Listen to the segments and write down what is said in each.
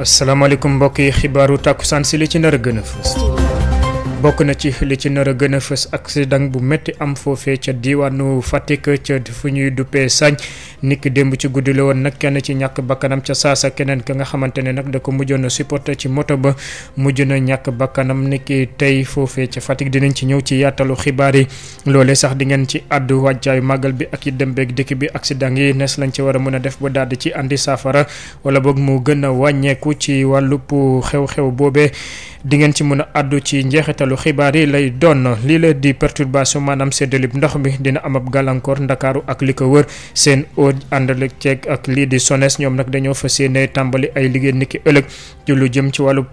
asalaamaaleykum mbokk yi xibaaru tàkkusaan si li ci nar a gën a fës bokk na ci li ci nar a gën a fës accident bu métti am foofee ca diwaanu Fatick ca fu ñuy duppee sañ niki démb ci guddi la woon nag kenn ci ñàkk bakkanam ca saa saasa keneen ka nga xamante ne nag da ko mujjoon a supporter ci moto ba mujj na ñàkk bakkanam niki tey foofee ca Fatick dinañ ci ñëw ci yaatalu xibaar yi loole sax di ngeen ci àddu wàccaayu màggal bi ak yi dem beeg dëkk bi accident yi nees lañ ci war a mën a def ba daal ci andi saafara wala boog mu gën a wàññeeku ci wàllub xew-xew boobee. di ngeen ci mën a àddu ci njeexitalu xibaar yi lay doon lii la di perturbation maanaam séddalib ndox mi dina am ab gàllankoor ndakaaru ak li ko wër seen au àndal ceeg ak lii di SONES ñoom nag dañoo fas yéene tàmbali ay liggéey niki ëllëg ci lu jëm ci wàllub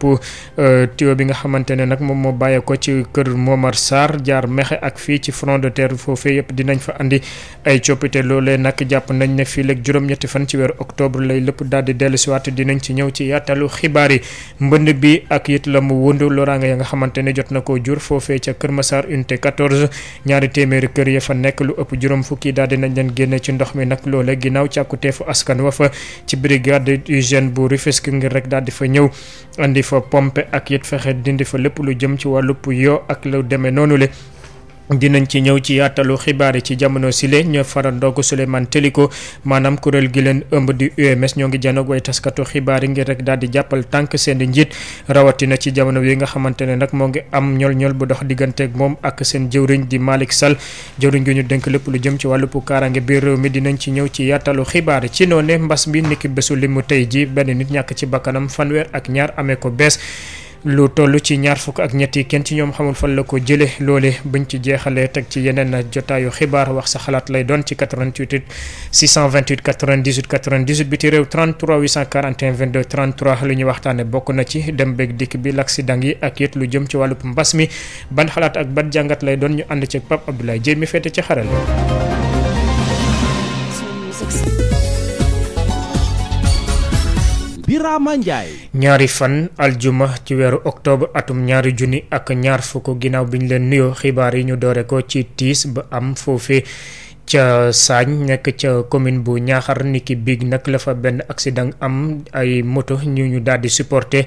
euh, tuyau bi nga xamante ne nag moom moo bàyyee ko ci kër Momar Sarr jaar Mexe ak fii ci front de terre foofee yëpp dinañ fa andi ay coppite loolee nag jàpp nañ ne fii léegi juróom-ñetti fan ci weeru octobre lay lépp daal di dellusiwaat dinañ ci ñëw ci yaatalu xibaar yi mbënd bi ak it la bu wundu loraanga ya nga xamante ne jot na koo jur foofee ca Kër Massar unité 14 ñaari téeméeri kër ya fa nekk lu ëpp juróom fukki daal dinañ leen génne ci ndox mi nag loole ginnaaw càkkuteefu askan wa fa ci brigade hygiène bu Rufisque ngir rek daal di fa ñëw andi fa pompe ak yit fexe dindi fa lépp lu jëm ci wàllup yoo ak lu demee noonu le dinañ ci ñëw ci yaatalu xibaar yi ci jamono sile ñu farandoo ko Souleymane Teliko maanaam kuréel gi leen ëmb di UMS ñoo ngi janoog way taskatu xibaar yi ngir rek daal di jàppal tànk seen njiit rawatina ci jamono yi nga xamante ne nag moo ngi am ñol ñol bu dox digganteeg moom ak seen jëwriñ di Malick sal jëwriñ gi ñu dénk lépp lu jëm ci wàllu kaaraange biir réew mi dinañ ci ñëw ci yaatalu xibaar ci noone mbas bi niki bésu mu tey ji benn nit ñàkk ci bakkanam fanweer ak ñaar amee ko bees lu toll ci ñaar fukk ak ñett yi kenn ci ñoom xamul fan la ko jële loole buñ ci jeexalee teg ci yeneen jotaayu xibaar wax sa xalaat lay doon ci 88 628 98 98 biti réew 33 841 22 33 li ñuy waxtaane bokk na ci dem beeg dikk bi l'accident yi ak it lu jëm ci wàllub mbas mi ban xalaat ak ban jàngat lay doon ñu ànd ci Pape Abdoulaye Dieye mi féete ci xaral Birama Ndiaye. ñaari fan aljuma ci weeru octobre atum ñaari junni ak ñaar fukk ginnaaw bi ñu leen nuyoo xibaar yi ñu doore ko ci tiis ba am foofee. ca Sagne nekk ca commune bu Niakhar niki biig nag la fa benn accident am ay moto ñu ñu daal di supporter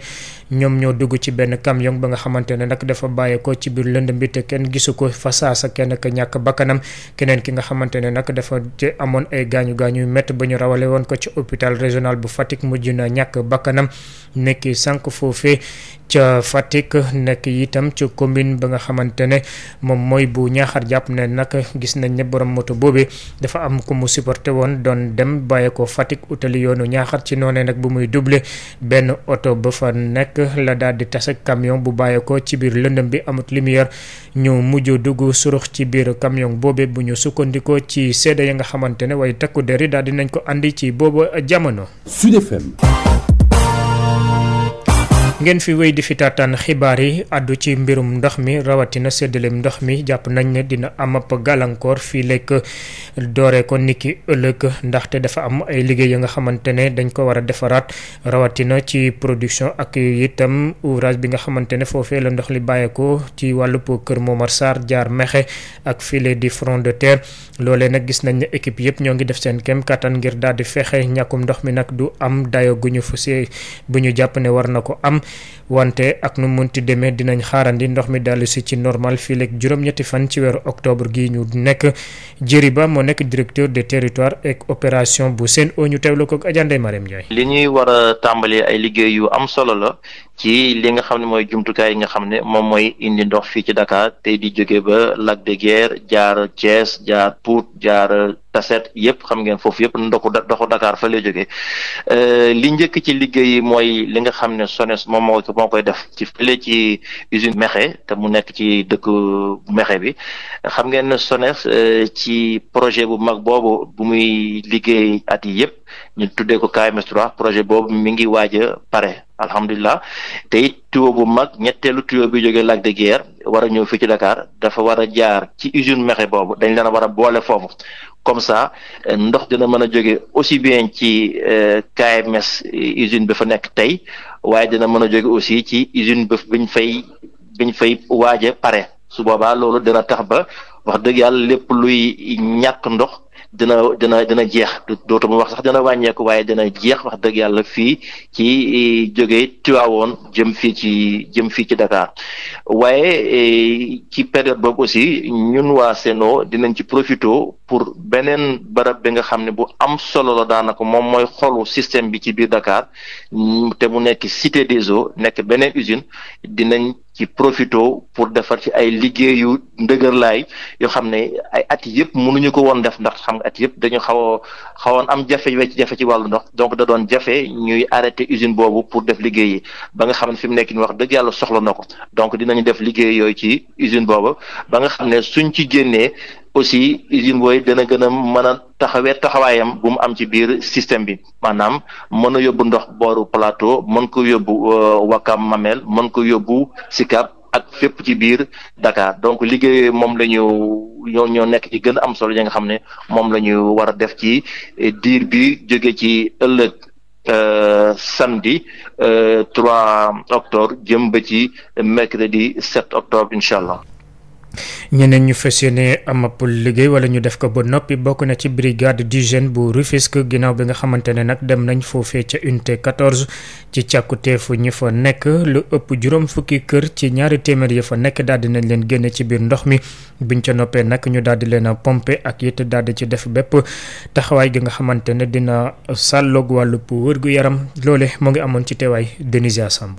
ñoom ñoo dugg ci benn camion ba nga xamante ne nag dafa ko ci biir lëndëm bi te kenn gisu ko fa saasa kenn ka ñàkk bakkanam keneen ki nga xamante ne nag dafa amoon ay gaañu gaañu métti ba ñu rawale woon ko ci hôpital régional bu Fatick mujj na ñàkk bakkanam nekk sànq foofee ca Fatick nekk yitam ci commune ba nga xamante ne moom mooy bu ñaaxar jàpp ne nag gis nañ ne borom moto boobee dafa am ko mu supporté woon doon dem bàyyi ko Fatick utali yoonu ñaaxar ci noonee nag bu muy doublé benn oto ba fa nekk la daal di tase camion bu bàyyi ko ci biir lëndëm bi amut lumière ñu mujj dugg surux ci biir camion boobee bu ñu sukkandikoo ci seede ya nga xamante ne waaye takku der yi daal di nañ ko indi ci boobu jamono. ngeen fi wéy di fi xibaar yi àddu ci mbirum ndox mi rawatina séddaleem ndox mi jàpp nañ ne dina am ab gàllankoor fii lekk dooree ko niki ëllëg ndaxte dafa am ay liggéey ya nga xamante ne dañ ko war a defaraat rawatina ci production ak itam ouvrage bi nga xamante ne foofee la ndox li bàyyeekoo ci wàllub kër Momar Sarr jaar Mexe ak file di front de terre. loolee nag gis nañ ne équipe yëpp ñoo ngi def seen kem kattan ngir daal di fexe ñàkkum ndox mi nag du am dayo gu ñu fusee bu ñu jàpp ne war na ko am wante ak nu munti demee dinañ xaarandi ndox mi daal si ci normal fii léegi juróom-ñetti fan ci weeru octobre gi ñu nekk Jëri Ba moo nekk directeur de territoire et opération bu seen Sen'Eau ñu teewlu ko ajande Adja Ndeye Marème ñuy war a tàmbali ay liggéey yu am solo la. ci li nga xam ne mooy jumtukaay yi nga xam ne moom mooy indi ndox fii ci Dakar tey di jóge ba Lac de Guiers jaar Thiès jaar Pout jaar Tasset yëpp xam ngeen foofu yëpp ndoxu ndoxu Dakar fa lay jóge euh, li njëkk ci liggéey mooy li nga xam ne SONES moom moo moo koy def ci fële ci usine Mekhe te mu nekk ci dëkku Mekhe bi xam ngeen ne SONES euh, ci projet bu mag boobu bu muy liggéey at yi yëpp ñu tuddee ko KMS projet boobu mi ngi waaj a pare alhamdulilah tey it bu mag ñetteelu tuyau bi jóge Lac de Guiers war a ñëw fii ci Dakar dafa war a jaar ci usine Mekhe boobu dañ leen a war a boole foofu comme ça euh, ndox dina mën a jóge aussi bien ci euh, KMS euh, usine bi fa nekk tey waaye dina mën a jóge aussi ci usine bi biñ fay biñ fay waaje pare su boobaa loolu dina tax ba wax dëgg yàlla lépp luy ñàkk ndox. dina dina dina jeex dootuma wax sax dina wàññeeku waaye dina jeex wax dëgg yàlla fii ci e, jógee Tiwaawoon jëm fii ci jëm fii ci Dakar waaye e, ci période boobu aussi ñun waa Sen'Eau dinañ ci profito pour beneen barab bi nga xam ne bu am solo la daanaka moom mooy xolu système bi ci biir Dakar te mu nekk Cité des Eaux nekk beneen usine dinañ. ci profito pour defar ci ay liggéeyu yu ndëgërlaay yoo xam ne ay at yëpp mënuñu ko woon def ndax xam at yëpp dañu xaw a xawoon am jafe jafe ci wàllu ndox donc da doon jafe ñuy arrêté usine boobu pour def liggéeyi ba nga xam ne fi mu nekk ni wax dëgg yàlla soxla na ko donc dinañu def liggéey yooyu ci usine boobu ba nga xam ne suñ ci génnee aussi usine booy dana gën a mën a taxawee taxawaayam bu mu am ci biir système bi maanaam mën a yóbbu ndox booru plateau mën ko yóbbu euh, Wakam mameel mën ko yóbbu Sicap ak fépp ci biir Dakar donc liggéeye moom la ñu ñoo ñoo nekk i gën a am solo yi nga xam ne moom la ñu war a def ci diir bi jóge ci ëllëg euh, samedi euh, trois octobre jëm ba ci mercredi sept octobre incha allah. ñeneen ñu fas yéene am ab liggéey wala ñu def ko ba noppi bokk na ci brigade d'hygiène bu Rufisque ginnaaw bi nga xamante nag dem nañ foofee ca unité 14 ci càkkuteefu ñi fa nekk lu ëpp juróom fukki kër ci ñaari téeméer ya fa nekk daal di nañ leen génne ci biir ndox mi biñ ca noppee nag ñu daal di leen a pomper ak it daal di ci def bépp taxawaay gi nga xamante ne dina sàlloog wàllu wërgu yaram loole mu ngi amoon ci teewaay Denisia Samb.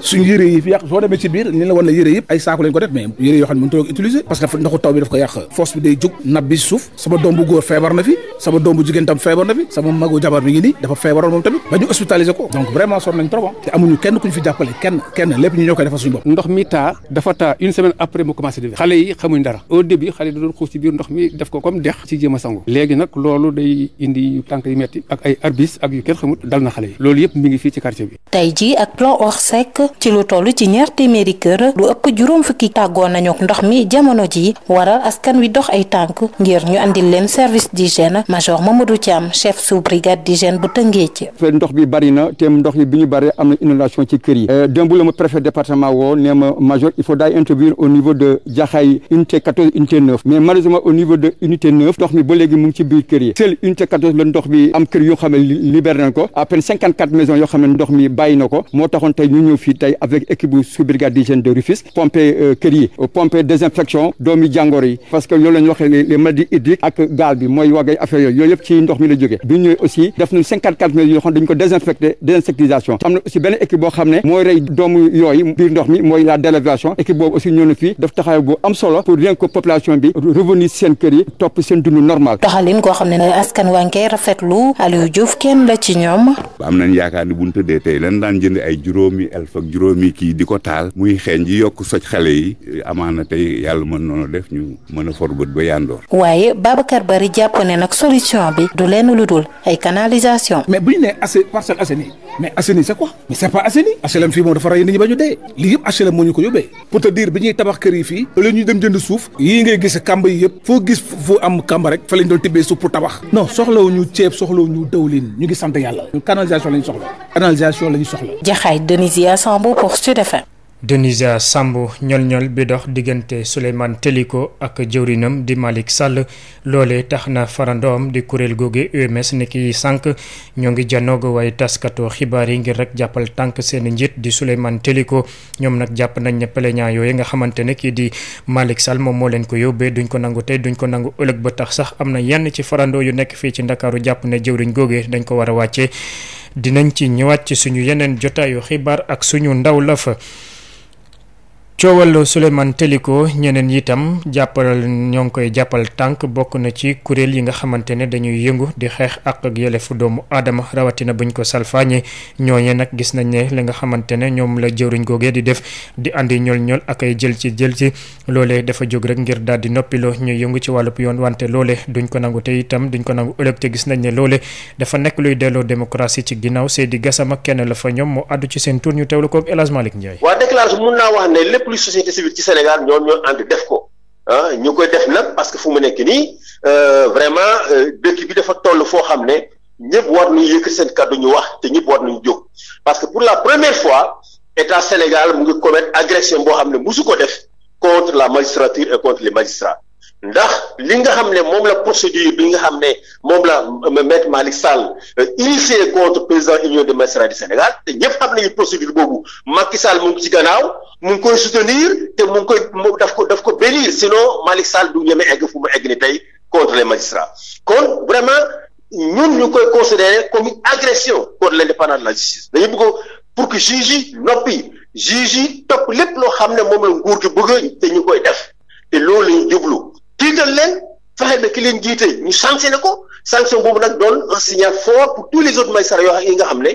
suñu yére yi fi yàq soo demee ci biir ni la war na yére yëpp ay saako lañ ko def mais yére yoo xam ne mënutoo utiliser parce que ndoxu taw bi daf ko yàq force bi day jóg nab bi suuf sama doom bu góor feebar na fi sama doom bu jigéen tam feebar na fi sama magu jabar mi ngi nii dafa feebaroon moom tamit ba ñu hospitaliser ko donc vraiment sor nañ trop ah. te amuñu kenn kuñ fi jàppale kenn kenn ñu ñoo koy defal suñu bopp ndox mi taa dafa taa une a sangu léegi nag loolu day indi tànk yu metti ci lu toll ci ñaar téeméeri kër lu ëpp juróom fukki tàggoo nañu ndox mi jamono ji waral askan wi dox ay tànk ngir ñu andil leen service d'hygiène major Mamadou Thiam chef sous d'hygiène bu Tëngéej ndox bi bari te ndox ci kër yi euh, démb la ma préfet département de Jaxaay unité 14 unité 9 mais malheureusement au niveau mi ba léegi mu ngi ci biir kër yi seul unité 14 la ndox bi am kër yoo xam ne libéré ko à peine 54 maisons yoo xam ndox mi bàyyi ko moo taxoon tey ñu ñëw fii tey avec équipe bu sous brigade d'hygiène de Rufisque pomper euh, kër yi euh, pomper désinfection doomi jàngoro yi parce que loolu la ñu waxee les maladies hydriques ak gaal bi mooy wagay affaire yooyu yooyu ci ndox mi la jógee bi ñëwee aussi def nañ cinquante quatre mille yoo xam ko désinfecté am solo pour rien population bi revenir seen kër yi topp seen dund normal taxalin koo xam ne askan waa ngi rafetlu Aliou Diouf kenn la ci ñoom juróomi kii di ko taal muy xeeñ ji yokk soj xale yi amaana tey yàlla mën noonu def ñu mën a for bët ba yandoor waaye Babacar Bari jàpp ne nag solution bi du leen lu dul ay canalisation mais bu ñu nee assez Parcelles Assainies mais Assainies c'est quoi mais c'est pas Assainies HLM fii moom ñu dee lii yëpp HLM moo ñu ko yóbbee pour te dire la ñuy dem jënd suuf yii ngay gis kamba yi yëpp foo gis foo am kamba rek fa lañ doon tibbee suuf pour tabax non soxlawuñu ceeb soxlawuñu ñu ngi sant yàlla canalisation lañ Sambou pour Sud FM. Denisa Sambou ñol-ñol bi dox diggante Souleymane Teliko ak jëwrinam di Malick Sall loole tax na farandoom di kuréel googe UMS ni ki sànq ñoo ngi janoog waaye taskatoo xibaar yi ngir rek jàppal tànk seen njiit di Souleymane Teliko ñoom nag jàpp nañ ne plaignant yooyu nga xamante ne kii di Malick Sall moom moo leen ko yóbbee duñ ko nangu tey duñ ko nangu ëllëg ba tax sax am na yenn ci farando yu nekk fii ci Ndakaaru jàpp ne jëwriñ googe dañ ko war a wàccee dinañ ci ñëwaat ci suñu yeneen jotaayu xibaar ak suñu ndaw la fa coowal Souleymane Teliko ñeneen itam jàppal ñoo ngi koy jàppal tànk bokk na ci kuréel yi nga xamante ne dañuy yëngu di xeex ak ak yelefu doomu aadama rawatina buñ ko salfaañee ñooñee nag gis nañ ne li nga xamante ne ñoom la jëwriñ googee di def di indi ñool ñol ak ay jël ci jël ci loole dafa jóg rek ngir daal di noppiloo ñuy yëngu ci wàllu yoon wante loole duñ ko nangu te itam duñ ko nangu ëllëg te gis nañ ne loole dafa nekk luy delloo démocratie ci ginnaaw Seydi Gassama kenn la fa ñoom moo àddu ci seen ñu teewlu ko El Hadj Malick Ndiaye lépp lu société civile ci Sénégal ñoom ñoo ànd def ko ah ñu koy def nag parce que fu ma nekk nii euh, vraiment euh, dëkk bi dafa toll foo xam ne ñëpp war nañu yëkkati seen kaddu ñu wax te ñëpp war nañu jóg parce que pour la première fois état Sénégal mu ngi commettre agression boo xam ne musu ko def contre la magistrature et contre les magistrats ndax li nga xam ne moom la procédure bi nga xam ne moom la euh, maître Malick Sall euh, initié contre président union des magistrats du Sénégal te ñëpp xam nañu procédure boobu Macky Sall mu ngi ci gannaaw mu ngi koy soutenir te mu ngi koy daf ko daf ko bénir sinon Malick Sall du ñeme egg fu mu egg ni tey contre les magistrats kon vraiment ñun ñu koy considérer comme une agression contre l'indépendance de la justice dañu bëgg pour que juge noppi juge yi topp lépp loo xam ne moom la nguur gi bëgg koy def te loolu la ñu jiital leen fexe ba ki leen jiite ñu sanctionné ko sanction boobu nag doon un signal fort pour tous les autres magistrats yoo yi nga xam ne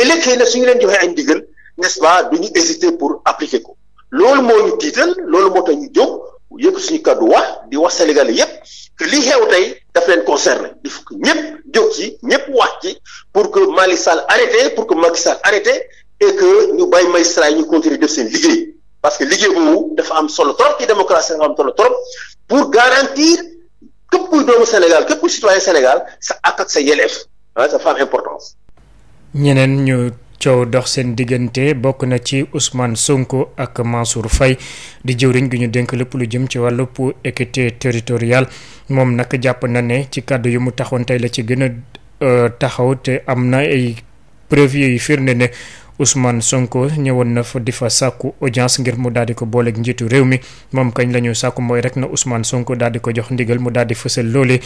ëllëg xëy na su ñu leen joxee ay ndigal n'est-ce pas du ñu hésiter pour appliquer ko loolu moo ñu tiital loolu moo tax ñu jóg yëpp su ñu kàddu wax di wax Sénégalais yëpp que li xew tey daf leen concerné il faut que ñëpp jóg ci ñëpp wax ci pour que Malick Sall arrêté pour que Macky Sall arrêté et que ñu bàyyi magistrats yi ñu continuer def seen liggéey. parce que liggéey boobu dafa am solo trop ci démocratie dafa pour garantir képp kuy doomu Sénégal képp kuy citoyen Sénégal sa àq ak sa yelleef ah dafa am importance. ñeneen ñu. coow dox seen diggante bokk na ci Ousmane Sonko ak Mansour fay di jëwriñ gi ñu dénk lépp lu jëm ci wàllu pour équité territoriale moom nag jàpp na ne ci kàddu yu mu taxoon la ci gën a euh, taxaw te am na ay preuve yu firnde ne Ousmane Sonko ñëwoon na fa di fa sàkku audience ngir mu daal di ko booleeg njiitu réew mi moom kañ la ñu sàkku mooy rek na Ousmane Sonko daal di ko jox ndigal mu daal di fësal loole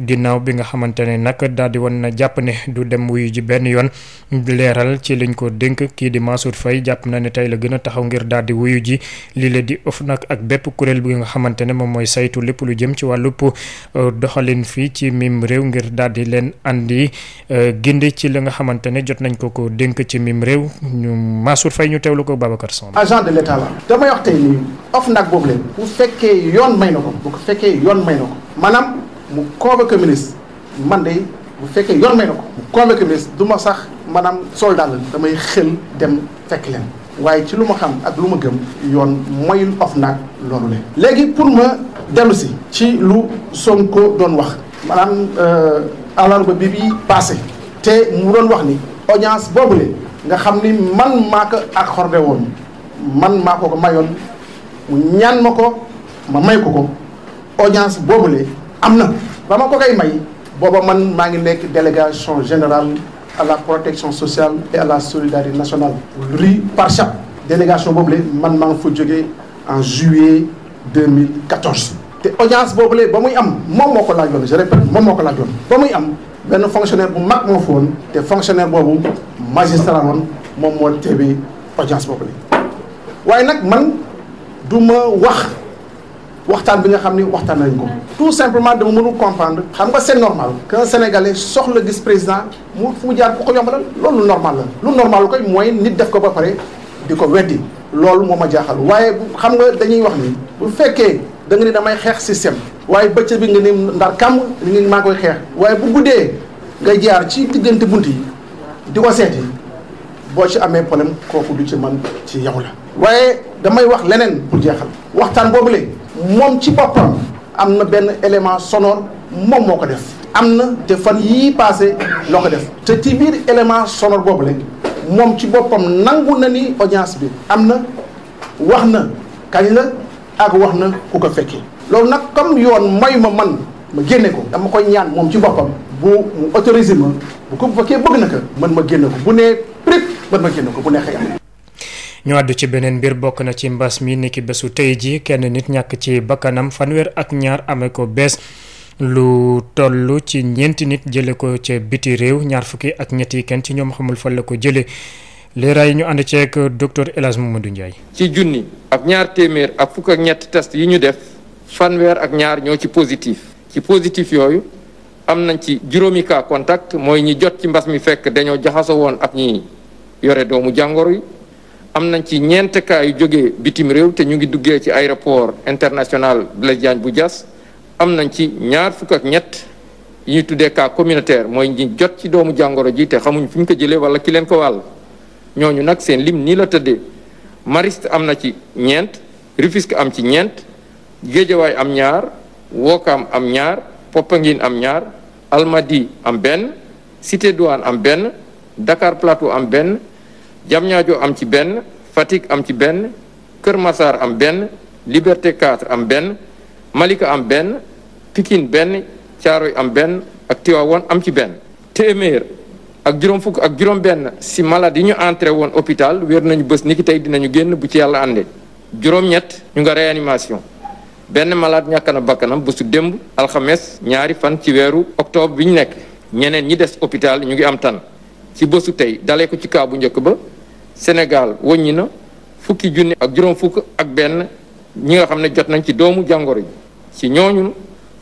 ginnaaw bi nga xamante ne nag daal di woon na jàpp ne du dem wuyu ji benn yoon leeral ci lañ ko dénk kii di Mansour fay jàpp na ne tey la gën a taxaw ngir daal di wuyu ji lii la di of OFNAC ak bépp kuréel bi nga xamante ne moom mooy saytu lépp lu jëm ci wàllup euh, doxalin fii ci miim réew ngir daal di leen andi euh, gindi ci li nga xamante ne jot nañ ko ko dénk ci mim réew ñu Mansour Faye ñu teewlu ko Babacar Samb. agent de l'état la damay wax tey nii nag boobu leen bu fekkee yoon may na ko bu fekkee yoon may ko maanaam mu convoqué man de bu fekkee yoon may na ko mu convoqué ministre du sax maanaam soldat la damay xël dem fekk leen waaye ci lu ma xam ak lu ma gëm yoon mayul OFNAC loolu leen léegi pour ma dellu si ci lu Sonko doon wax maanaam alarba euh, bi bi passé te mu doon wax ni audience boobu leen nga xam ni man maa ko accordé woon man maa ko ko mayoon mu ñaan ma ko ma may ko ko audience boobule am na ba ma ko koy may booba man maa ngi nekk délégation général à la protection sociale et à la solidarité nationale ri par chaque délégation boobu boobule man maa ngi foo jógee en juillet 2014 te audience boobule ba muy am moom moo ko laajoon je répète moom moo ko laajoon ba muy am benn fonctionnaire bu mag moo fa woon te fonctionnaire boobu magistrat woon moom moo teewe audience boobu la waaye nag man du ma wax waxtaan bi nga xam ni waxtaan nañ ko tout simplement dama mënul comprendre xam nga c'est normal qu'un sénégalais soxla gis président mu fu mu jaar ku ko yombalal loolu normal la lu normal koy mooy nit def ko ba pare di ko weddi loolu moo ma jaaxal waaye xam nga dañuy wax ni bu fekkee da nga ni damay xeex système waaye bëccëg bi nga ni ndar kàmm li nga maa koy xeex waaye bu guddee nga jaar ci diggante bunt yi di ko seeti boo ci amee problème kooku du ci man ci yow la waaye damay wax leneen pour jeexal waxtaan boobule moom ci boppam am na benn élément sonor moom moo ko def am na te fan yii passé loo ko def te ci biir élément boobu boobule moom ci boppam nangu na ni audience bi am na wax na kañ la ak wax na ku ko fekkee loolu nag comme yoon may ma man ma génne ko dama koy ñaan moom ci boppam bu mu autorisé bu ko bu fekkee bëgg na ko man ma génn ko bu nee prip ko bu neexee am. ñu àddu ci beneen mbir bokk na ci mbas mi nikki bésu tey ji kenn nit ñàkk ci bakkanam fanweer ak ñaar amee ko bees. lu toll ci ñeenti nit jële ko ca biti réew ñaar fukki ak ñetti kenn ci ñoom xamul fan la ko jële leeraay yi ñu ànd ceeg docteur El Hadj Mamadou Ndiaye ci junni ak ñaar téeméer ak fukk ak ñetti test yi ñu def fanweer ak ñaar ñoo ci positif ci positif yooyu am nañ ci juróomi cas contact mooy ñi jot ci mbas mi fekk dañoo jaxasoo woon ak ñi yore doomu jàngoro yi am nañ ci ñeent cas yu jógee bitim réew te ñu ngi duggee ci aéroport international Blaise Diagne bu jas am nañ ci ñaar fukk ak ñett yi ñuy tuddee cas communautaire mooy ñi jot ci doomu jàngoro ji te xamuñ fi ñu ko jëlee wala ki leen ko wàll ñooñu nag seen lim nii la tëddee marist am na ci ñeent Rufisque am ci ñeent Géejawaay am ñaar Wookaam am ñaar Popenguine am ñaar Almadi am benn Cité Douane am benn Dakar Plateau am benn Diamniadio am ci benn Fatick am ci benn Kër Massar am benn Liberté 4 am benn Malika am benn Pikine benn Thiaroye am benn ak Tivaouane am ci benn téeméer ak juróom fukk ak juróom benn si malade yi ñu entrée woon hôpital wér nañu bés ni ki tey dinañu génn bu ci yàlla àndee juróom-ñett ñu nga réanimation benn malade ñàkk na bakkanam bésu démb alxames ñaari fan ci weeru octobre bi ñu nekk ñeneen ñi des hôpital ñu ngi am tan ci bësu tey dalee ko ci kaa bu njëkk ba Sénégal wëññi na fukki junni ak juróom fukk ak benn ñi nga xam ne jot nañ ci doomu jàngoro ji ci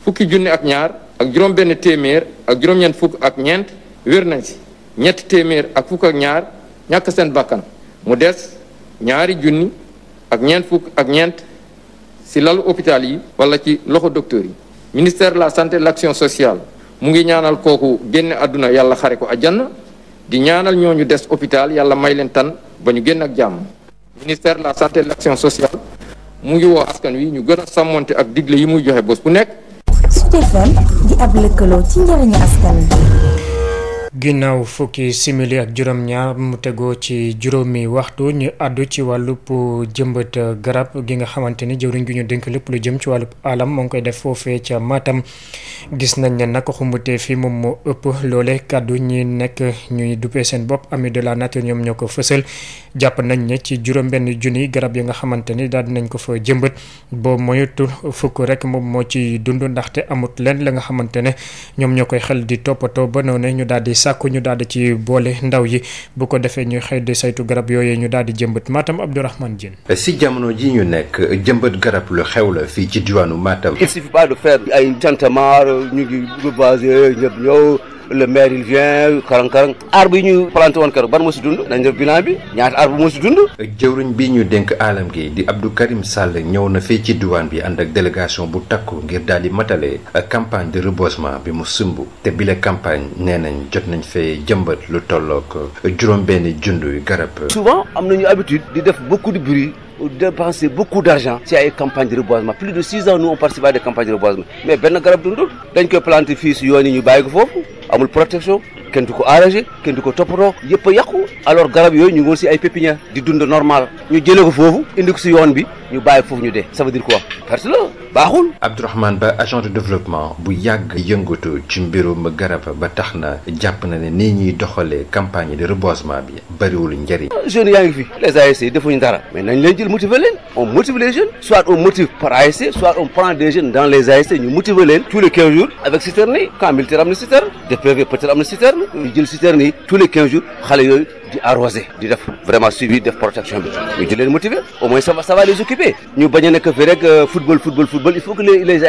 fukki junni ak ñaar ak juróom téeméer ak juróom-ñeent fukk ak ñeent wér nañ si ñett téeméer ak fukk ak ñaar ñàkk seen bakkan mu des ñaari junni ak ñeent fukk ak ñeent si lalu hôpital yi wala ci loxo docteur yi ministère la santé et de l'action sociale mu ngi ñaanal kooku génn àdduna yàlla xare ko jan di ñaanal ñoo ñu des hôpital yàlla may leen tan ba ñu génn ak jàmm ministère de la santé et de l'action sociale mu ngi woo askan wi ñu gën a sàmmonte ak digle yi muy joxe bés bu nekk. Sutéfone di ab lëkkaloo ci njëriñu askan ginnaaw fukki simili ak juróom-ñaar mu tegoo ci juróomi waxtu ñu àddu ci wàllub jëmbët garab gi nga xamante ni jëwriñ gi ñu dénk lépp lu jëm ci wàllu alam moo ngi koy def foofee ca Matam gis nañ ne nag xumbutee fi moom moo ëpp loole kàddu ñi nekk ñuy duppee seen bopp ami de la nature ñoom ñoo ko fësal jàpp nañ ne ci juróom-benn junniy garab yi nga xamante ni daal dinañ ko fa jëmbat boo moyutul fukk rek moom moo ci dund ndaxte amut leen la nga xamante ne ñoom sàkku ñu daal di ci boole ndaw yi bu ko defee ñu xëy di saytu garab yooyee ñu daal di jëmbat Matam Abdourahmane Dieng. si jamono ji ñu nekk jëmbat garab lu xew la fi ci diwaanu Matam. il suffit pas de faire ay tantamar ñu ngi basé ñëpp ñëw. le maire il vient karang karang arbre yi ñu planté woon keroog ban moo si dund nañ def bilan bi ñaata arbre moo si dund jëwriñ bi ñu dénk aalam gi di Abdou Karim Sall ñëw na fii ci diwaan bi ànd ak délégation bu takku ngir daal di matale campagne de reboisement bi mu sumb te bile campagne nee nañ jot nañ fee jëmbat lu tollook juróom benn junduy garab souvent am nañu habitude di def beaucoup de bruit dépenser beaucoup d'argent ci ay campagne de reboisement si yoon yi ñu bàyyi ko foofu amul protection kenn du ko arrangé kenn du ko toppatoo yëpp a yàqu alors garab yooyu ñu ngi woon si ay pépinière di dund normal ñu jëlee ko foofu indi ko si yoon bi ñu bàyyi foofu ñu dee ça veut dire quoi parce que baaxul. Abdourahmane Ba agent de développement bu yàgg yëngatu ci mbirum garab ba tax na jàpp na ne nii ñuy doxalee campagne de reboisement bi bariwul njëriñ. Ah, jeunes yaa ngi fi les ASC defuñu dara mais nañ leen jël motiver leen on motive les jeunes soit on motive par ñu motiver leen tous ñu jël citerne yi tous les quinze jours xale yooyu di arroser di def vraiment suivi def protection bi ñu di leen motiver au moins ça va ça va les occuper ñu bañ a nekk fi rek euh, football football football il faut que les les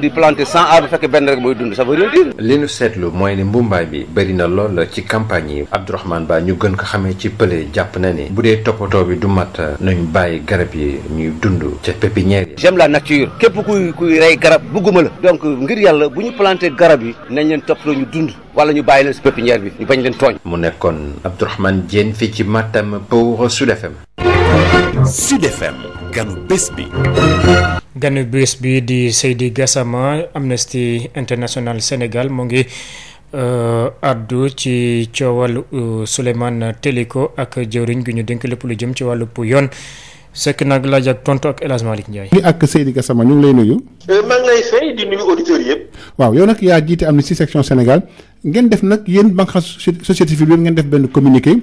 di planter cent arbres bu fekkee benn rek mooy dund ça veut rien dire li seetlu mooy ne mbumbaay bi bëri na lool ci campagne yi Abdourahmane Ba ñu gën ko xamee ci pële jàpp na ni bu dee toppatoo bi du mat nañu bàyyi garab yi ñuy dund ca pépinière yi j'aime la nature képp kuy kuy rey garab bëgguma la donc ngir yàlla bu ñu planter garab yi nañ leen toppatoo ñu dund wala ñu bàyyi leen si pépinière bi ñu bañ leen tooñ. mu nekkoon Abdourahmane Diène fii ci Matam pour Sud FM. Sud FM ganu bés bi. ganu bés bi di Seydi Gassama Amnesty International Sénégal mu ngi. Uh, addu ci coowal uh, Souleymane Teliko ak jëwriñ gi ñu dénk lépp lu jëm ci wàllu yoon sekk nag laaj ak tontu ak El Hadj Malick Ndiaye. ñu ak Seydi Gassama ñu ngi lay nuyu. Euh, maa ngi lay fay di nuyu auditeurs yëpp. waaw yow nag yaa jiite am na si section Sénégal ngeen def nag yéen banque société civile ngeen def benn communiqué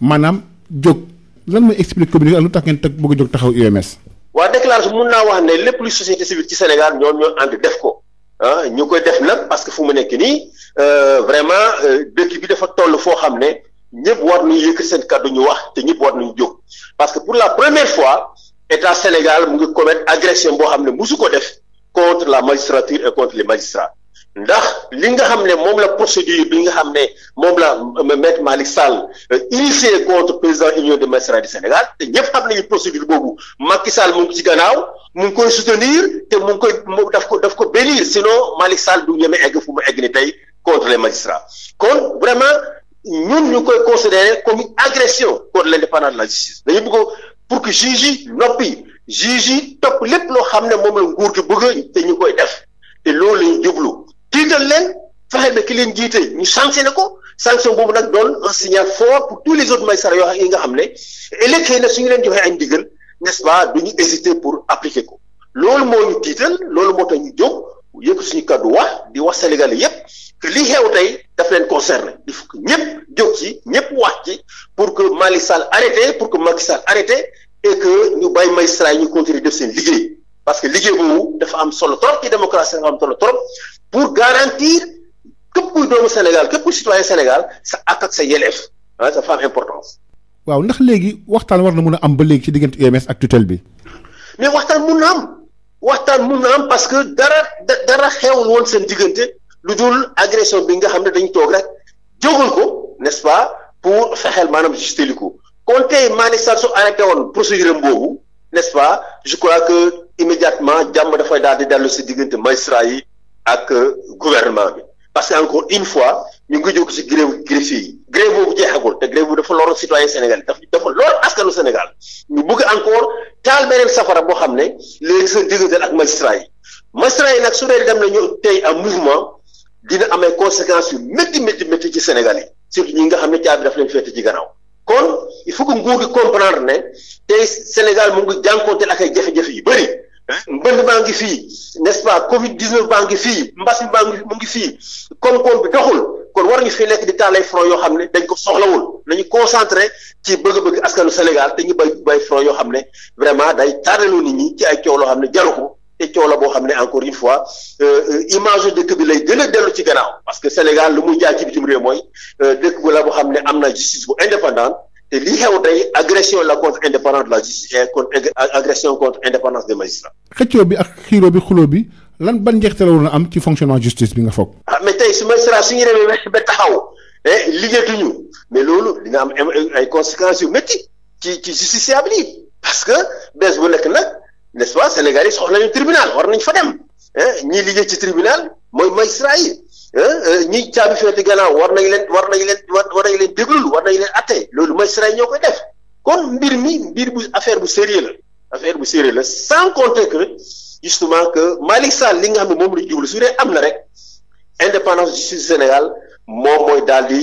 maanaam jóg lan mooy expliquer communiqué ak lu teg bëgg a jóg taxaw UMS. waa déclaration mun naa wax ne lépp lu société civile ci Sénégal ñoom ñoo ànd def ko ah, ñu koy def nag parce que fu mu nekk nii euh, vraiment euh, dëkk bi dafa toll foo xam ne ñëpp war nañu yëkkati seen kàddu ñu wax te ñëpp war nañu jóg. parce que pour la première fois état Sénégal mu ngi commettre agression boo xam ne musu ko def contre la magistrature et contre les magistrats ndax li nga xam ne moom la procédure bi nga xam ne moom la euh, maître Malick Sall euh, initié contre président union des magistrats du Sénégal te ñëpp xam nañu procédure boobu Macky Sall mu ngi ci gannaaw mu ngi koy soutenir te mu ngi koy moom daf ko daf ko bénir sinon Malick Sall du ñeme egg fu mu egg ni tey contre les magistrats ñun ñu koy considérer comme agression contre l'indépendance de la justice dañu bëgg pour que juge yi noppi juge topp lépp loo xam ne moom la nguur gi bëgg te ñu koy def te loolu lañu jublu tiital leen fexe na ki leen jiite ñu sanctionné ko sanction boobu nag doon un signal fort pour tous les autres magistrats yoo xam yi nga xam ne ëllëg xëy na su ñu leen joxee ay ndigal n'est-ce pas duñu hésiter pour appliquer ko loolu moo ñu tiital loolu moo tax ñu jóg yëpp suñu kàddu wax di wax Sénégalais yépp que li xew tey daf leen concerné il faut que ñëpp ci ñëpp wax ci pour que Malick Sall arrêté pour que Macky Sall arrêté et que ñu bàyyi magistrat yi ñu continuer def seen liggéey parce que liggéey boobu dafa am solo trop ci démocratie dafa am solo trop pour garantir képp kuy doomu Sénégal képp kuy citoyen Sénégal sa àq ak sa yelleef ah ça fait importance. waaw ndax léegi waxtaan war na mun a am ba léegi ci diggante UMS ak tutelle bi. mais waxtaan mun na am waxtaan mun na dara dara xewul woon seen lu dul agression bi nga xam ne dañ toog rek jogul ko n'est-ce pas pour fexeel maanaam justeli ko kon tey Malick Sarr su arrêté woon procédure am boobu n'est-ce pas je crois que immédiatement jàmm dafay daal di dellu si diggante magistrat yi ak euh, gouvernement bi parce que encore une fois ñu ngi jóg si grève greffier yi grève boobu jeexagul te grève bu dafa lor citoyen Sénégal dafa dafa lor askanu Sénégal ñu bëgg encore taal beneen safara boo xam ne léegi seen diggante ak magistrat yi magistrat yi nag su dem nañu tey en mouvement dina am ay conséquences yu métti métti métti ci Sénégal yi surtout ñi nga xam ne caabi daf leen féete ci gannaaw kon il faut que nguur gi comprendre ne tey Sénégal mu ngi jànkuwanteel ak ay jafe-jafe yu bëri mbënd baa ngi fii n'est-ce pas Covid 19 ngi fii mbas mi baa ngi mu ngi fii koom-koom bi doxul kon war ñu fi nekk di taal ay front yoo xam ne dañ ko soxlawul nañu concentré ci bëgg-bëgg askanu Sénégal te ñu bay bay front yoo xam ne vraiment day taaraloo nit ñi ci ay coow loo xam ne jaru ko te coow la boo xam ne encore une fois euh, image dëkk bi lay gën a dellu ci gannaaw parce que Sénégal lu muy jaay ci bitim réew mooy euh, dëkk bu la boo xam ne am na justice bu indépendante te li xew tey agression la contre indépendance la justice et contre agression contre indépendance des magistrats. bi ak bi xuloo bi lan ban njeexte la woon a am ci fonctionnement justice bi nga foog. ah mais tey su magistrat su ñu demee ba taxaw eh, liggéeyatuñu mais loolu dina am ay conséquences yu métti ci ci justiciable que bés bu nekk nag. n'est-ce pas Sénégal yi nañu tribunal war nañ fa dem eh, ñiy liggéey ci tribunal mooy magistrat yi eh, eh, ñi caabi féete gannaaw war nañ leen war nañ leen war nañ leen déglul war nañ leen atte loolu magistrat yi ñoo koy def kon mbir mi mbir bu affaire bu sérieux la affaire bu sérieux la sans compter que justement que Malick Sall li nga xam ne moom la jublu su dee am na rek indépendance justice Sénégal moom mooy daal di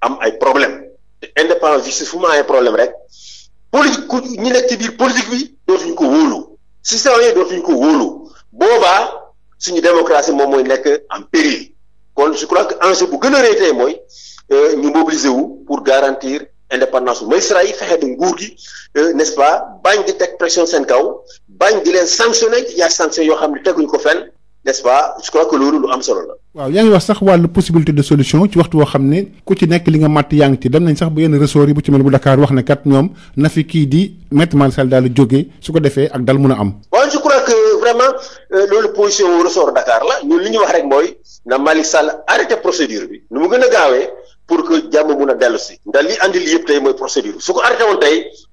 am ay problème te indépendance justice fu mu ay problème rek politique ku ñu ci biir politique bi dootuñu ko wóolu citoyen yi dootuñu ko wóolu boobaa suñu démocratie moom mooy nekk en péril kon je crois que enjeu bu gën a rëy tey mooy euh, ñu mobiliser wu pour garantir indépendance bu magistrat yi fexe ba nguur gi euh, n'est-ce pas bañ di teg pression seen kaw bañ di leen sanctionner yaa sanction yoo xam ne teguñu ko fenn n'est-ce pas je crois que loolu lu am solo la. waaw yaa ngi wax sax wàll possibilité de solution ci waxtu woo xam ne ku ci nekk li nga màtt yaa ngi ci dem nañ sax ba yenn ressort yi bu ci mel bu Dakar wax ne ñoom na fi kii di Maître Malick Sall daal jóge su ko defee ak dal mun a am. waaw je crois que vraiment euh, loolu position ressort Dakar la ñun li ñu wax rek mooy na Malick Sall arrêté procédure bi nu mu gën a gaawee pour que jàmm mun a dellu si ndax li andi li yëpp tey mooy procédure bi su ko arrêté woon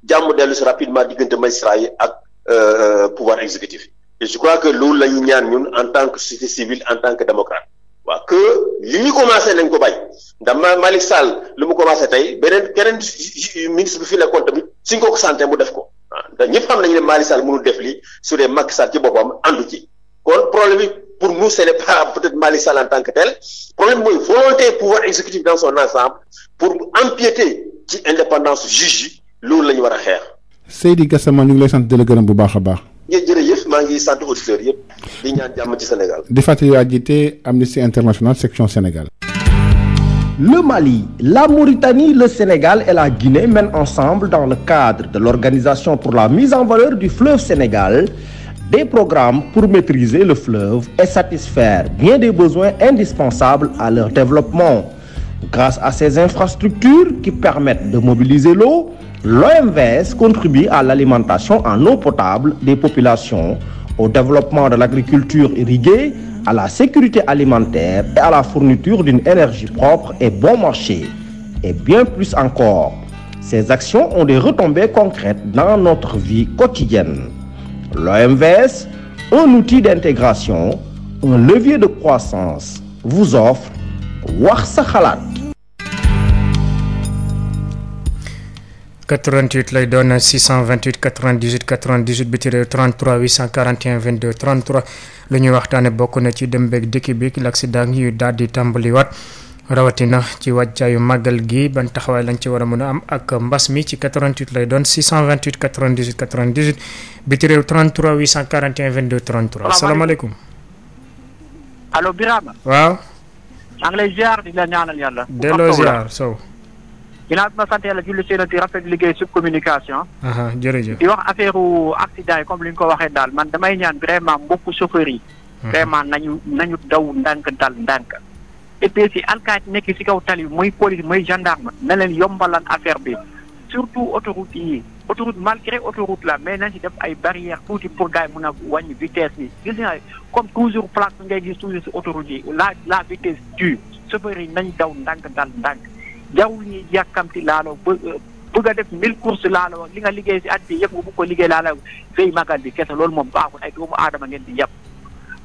jàmm dellu si rapidement diggante magistrat yi ak euh, euh, pouvoir exécutif je crois que loolu la ñaan ñun en tant que société civile en tant waaw que li ñu commencé nañ ko bañ ndax mali Sall lu mu commencé tey beneen keneen ministre bi fi nekkoon tamit suñ ko ko santé mu def ko ah ndax ñëpp xam nañu ne Malick Sall mënul def lii su dee Macky Sall ci boppam àndu ci kon problème bi pour nous ce n'est pas peut-être Malick Sall en tant que tel problème mooy volonté pouvoir exécutif dans son ensemble pour empiéter ci indépendance juge yi loolu la ñu war a xeex. Seydi Gassama ñu ngi lay sant di la gërëm bu baax a ngeen maa ngi sant auditeurs yëpp di ñaan jàmm section Sénégal. Le Mali, la Mauritanie, le Sénégal et la Guinée mènent ensemble dans le cadre de l'Organisation pour la mise en valeur du fleuve Sénégal des programmes pour maîtriser le fleuve et satisfaire bien des besoins indispensables à leur développement. Grâce à ces infrastructures qui permettent de mobiliser l'eau, L'OMVS contribue à l'alimentation en eau potable des populations, au développement de l'agriculture irriguée, à la sécurité alimentaire et à la fourniture d'une énergie propre et bon marché, et bien plus encore. Ces actions ont des retombées concrètes dans notre vie quotidienne. L'OMVS, un outil d'intégration, un levier de croissance, vous offre Wax sa xalaat 88 lay doon 628 98 98 biti réew 33 841 22 33 lu ñuy waxtaane bokk na ci dem beeg dikki bi l'accident yu daal di tàmbaliwaat rawatina ci wàccaayu màggal gi ban taxawaay lañ ci war a mën a am ak mbas mi ci 88 lay doon 628 98 98 biti réew 33 841 22 33. salaamaaleykum allo Birama. waaw. maa ngi lay ziar di la ñaanal yàlla. delloo ziar ginnaaw bi ma sant yàlla julli seen rafet liggéey sub communication. jërëjëf di wax affaire accident yi comme li ñu ko waxee daal man damay ñaan vraiment mbokku chauffeur yi. vraiment nañu nañu daw ndànk dal ndànk. et puis si alkaati nekk si kaw tali mooy police mooy gendarme na leen yombalan affaire bi surtout autoroute yi autoroute malgré autoroute la mais nañ ci def ay barrières tuuti pour gars yi mun a wàññi vitesse bi gis nga comme toujours place ngay gis toujours si autoroute yi la la vitesse tue chauffeur yi nañ daw ndànk dal ndànk. jawul ñuy yàkkamti laalo bë euh, bëgg a def mille courses laalo wax li nga liggéey si at bi yëpp nga bëgg ko liggéey laalo sëy magal bi kese loolu moom baaxul ay doomu aadama ngeen di yàpp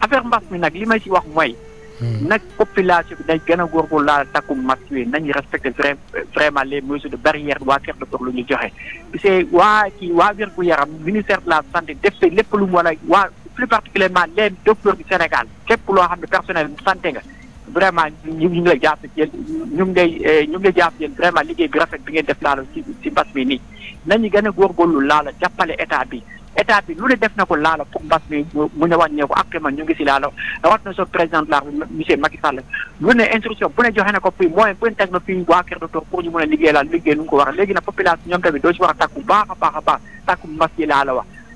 affaire mbas mi nag li may ci wax mooy hmm. nag population bi dañ gën a góorgóorlu laal takkum masque yi nañ respecté vrai vraiment les mesures de barrière waa Kër Docteur lu ñu joxe. parce que waa kii waa wér gu yaram ministère de santé def lépp lu mu war waa plus particulièrement les docteurs du Sénégal képp loo xam ne personnel santé nga. vraiment ñu ngi lay jàpp yéen ñu ngi lay eh, ñu ngi lay jàpp yéen vraiment liggéey bi rafet bi ngeen def laala ci ci mbas mi nii nañu gën a góorgóorlu laala jàppale état bi état bi lu ne def na ko laala pour mbas mi mu ne wàññeeku actuellement ñu ngi si laala rawat na so président de la monsieur Macky Sall lu ne instruction bu ne joxe na ko fii moyen bu ne teg na fii waa Kër Docteur pour ñu mën a liggéey laal liggéey nu mu ko war a léegi nag population ñoom tamit doo a takku baax a baax a baax takku wax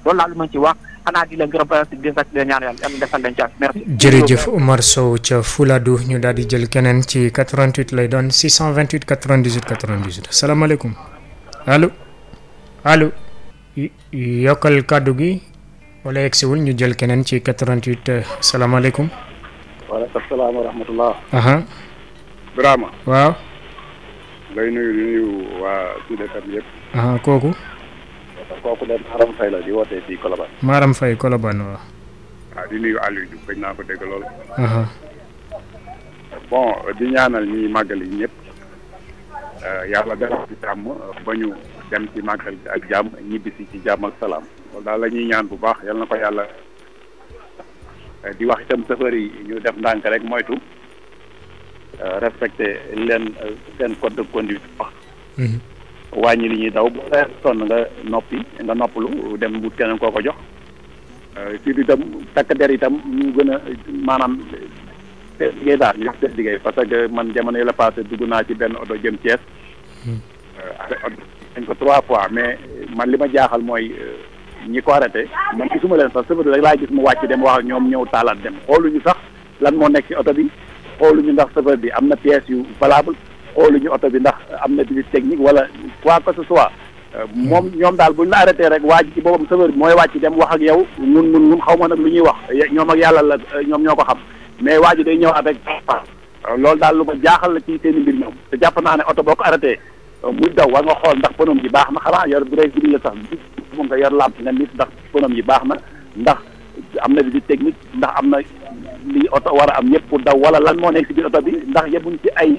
loolu laa ma ci wax xanaa di la gërëm di la ñaan Sow ca Fuladu ñu daal di jël keneen ci 88 lay doon 628 98 98 salaamaaleykum allo allo yokkal kàddu gi wala yegsiwul ñu jël keneen ci 88 euh, salaamaaleykum. waaleykum salaam wa rahmatullah. Birama. waaw. waa kooku. kooku de Maram Faye la di wootee fii Colobane. Maram Faye Colobane waaw. waaw ah, di nuyu Aliou Diouf naa ko dégg lool. bon di ñaanal ñi màggal yi ñëpp euh, yàlla dara ci jàmm ba ñu dem ci màggal ak jàmm ñibbisi ci jàmm ak salaam loolu daal la ñuy ñaan bu baax yal na ko yàlla euh, di wax itam safar ñu def ndànk rek moytu euh, respecté leen seen code de conduite wax mhm. wàññi li ñuy daw boo leen sonn nga noppi nga noppalu dem wut keneen koo ko jox ci euh, bi itam takk der itam ñu gën a maanaam seen liggéey daal ñu seen liggéey parce que man jamono yi la passé dugg naa ci benn oto jëm Thiès. dañ hmm. euh, ko trois fois mais man li ma jaaxal mooy euh, ñi ko arrêté man gisuma leen sax sëfër rek laa gis mu wàcc dem wax ak ñoom ñëw taalaat dem xooluñu sax lan moo nekk ci oto bi xooluñu ndax sëfër bi am na pièce yu valable xooluñu oto bi ndax am na visite technique wala quoi que ce soit. moom ñoom daal buñ la arrêté rek waa ji ci boppam sëfër bi mooy wàcc dem wax ak yow nun nun xaw ma nag lu ñuy wax eh, ñoom ak yàlla la eh, ñoom ñoo ko xam mais waa ji day ñëw avec loolu daal lu ma jaaxal la ci seen mbir ñoom te jàpp naa ne oto boo ko arrêté eh, muy daw war nga xool ndax pënom ji baax na xanaa yor brèche bi la sax bi moom nga yor làmp nga nit ndax pënom yi baax na ndax am na visite technique ndax am na li oto war a am yëpp pour daw wala lan moo nekk si biir oto bi ndax yebuñ ci ay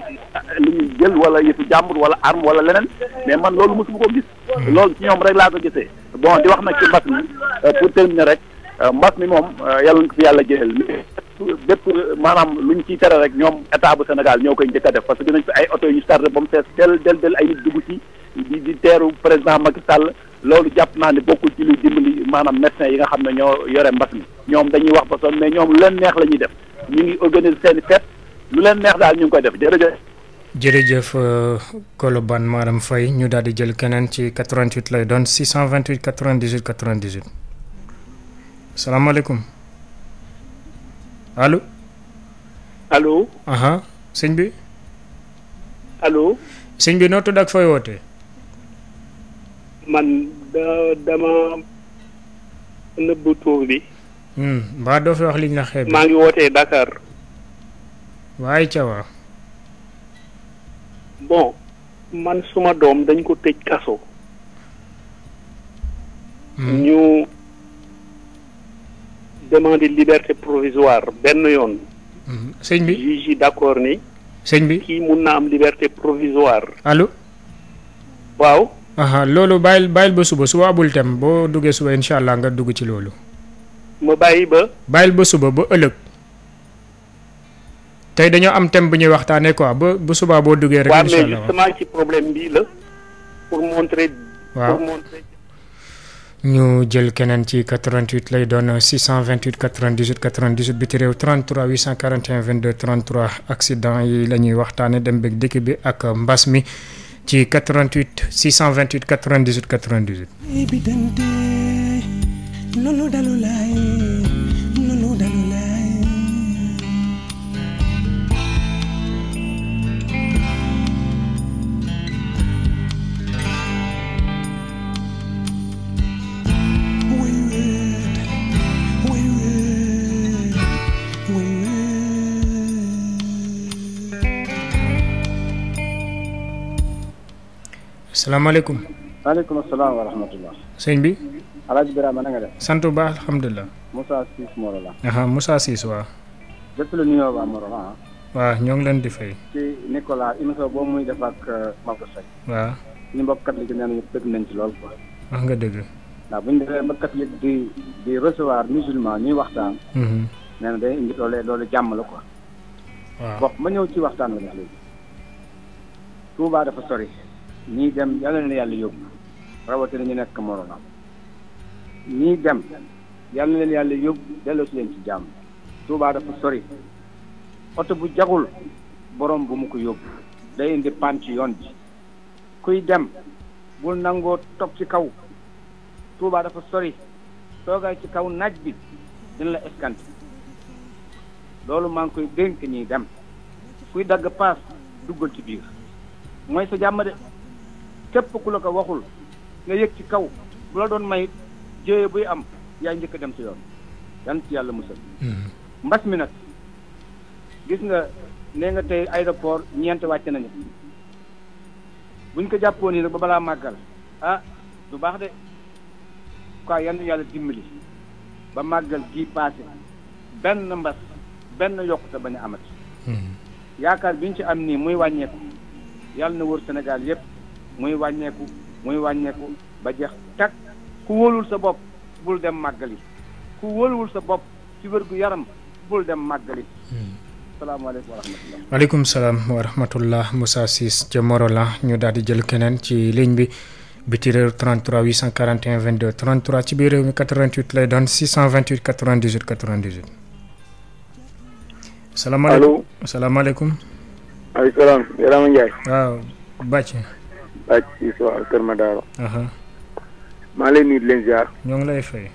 lu ñuy jël wala yëfu jàmbur wala arme wala leneen mais man loolu mosuma ko gis. Hmm. loolu ci ñoom rek laa ko gisee. bon di wax nag ci mbas mi euh, pour terminer rek euh, mbas mi moom euh, yàlla na fi yàlla jël bépp maanaam luñ ciy tere rek ñoom état bu Sénégal ñoo koy njëkk a def parce que dinañ fi ay oto yu ñu chargé ba mu fees del del del ay nit dugg ci. di di teeru président Macky loolu jàpp naa ne bokkul ci luy dimbali maanaam médecin yi nga xam ne ñoo yore mbas mi ñoom dañuy wax ba sonn mais ñoom lu leen neex la ñuy def ñu ngi organiser seen fête lu leen neex daal ñu ngi koy def jërëjëf. jërëjëf euh, Colobane Maram Faye ñu daal di jël keneen ci 88 lay doon 628 98 98 salaamaaleykum allo. allo. aha sëñ bi. allo. sëñ bi noo tudd ak fooy wootee. man da dama nëbbu tuur bi. Hmm, mbaa doo fi wax liñ la xeeb. maa ngi wootee Dakar. waaye ca waa bon man suma doom dañ ko tëj kaso. Hmm. ñu demande liberté provisoire benn yoon. Hmm. sëñ bi juge yi d'accord ni. sëñ bi kii mun na am liberté provisoire. allo. waaw. aha loolu bàyyil bàyyil ba suba suba abul tem boo duggee suba incha allah nga dugg ci loolu. ma bàyyi ba. bàyyil ba suba ba ëllëg. tey dañoo am thème bu ñuy waxtaanee quoi ba bu subaa boo duggee rek. incha allah waaw mais justement ci problème bi la pour montrer. waaw pour montrer. ñu jël keneen ci 88 lay doon 628 98 98 biti réew 33 841 22 33 accident yi la ñuy waxtaanee dem beeg dikk bi ak mbas mi. ci 88 628 98 98. salaamaaleykum. maaleykum salaam wa rahmatulah. sëñ bi. Alaaji Birama a nga def. sant bu baax alhamdulilah. Moussa Ciss Moro la. aha Moussa Ciss waaw. lépp lu nuyoo waa Moro la ah. waaw ñoo ngi leen di fay. ci Nicolas émission boobu muy def ak euh, Maodo Seck. waaw. ñu mbokkat catholique nee nañu bëgg nañ ci lool quoi. wax nga dëgg. ndax bu ñu defee ba catholique di recevoir musulman ñuy waxtaan. Mhm. nee na day indi loolu jàmm la quoi. waaw ma ñëw ci waxtaan bi nag léegi. Touba dafa sori. ñii dem yàlla na leen yàlla yóbbu rawatina ñu nekk moroomam ñii dem yàlla na leen yàlla yóbbu delloosi leen ci jàmm Tuubaa dafa sori oto bu jagul borom bu mu ko yóbbu day indi pan ci yoon bi kuy dem bul nangoo toog ci kaw Tuubaa dafa sori toogaay ci kaw naaj bi dina la loolu maa ngi koy dénk ñiy dem kuy dagg paas duggal ci biir mooy sa jàmm de képp ku la ko waxul nga yëg ci kaw bu la doon may jéeye buy am yaay njëkk a dem si yoon yan ci yàlla musal hmm. mbas mi nag gis nga nee nga tey aéroport ñeent wàcc nañu buñ ko jàppoon nii nag ba balaa màggal ah du baax de quoi yan yàlla dimbali ba màggal gii paase benn mbas benn yokkute ba a amati hmm. yaakaar bi ñu ci am nii muy wàññeeku yàlla na wër Sénégal yépp muy wàññeeku muy wàññeeku ba jeex takk ku wóolul sa bopp bul dem màggali ku wóoluwul sa bopp ci wér gu yaram bul dem màggali hmm. salaamaaleykum wa rahmatulah. waaleykum salaam wa rahmatulah Moussa Ciss la ñu daal di jël keneen ci ligne bi biti réew 33 841 22 33 ci biir réew mi 88 lay doon 628 98 98. salaamaaleykum salaamaaleykum. maaleykum Bàcc. Bac si waa Kër Madaro. maa lay nuyu di leen ziar. ñoo ngi lay fay.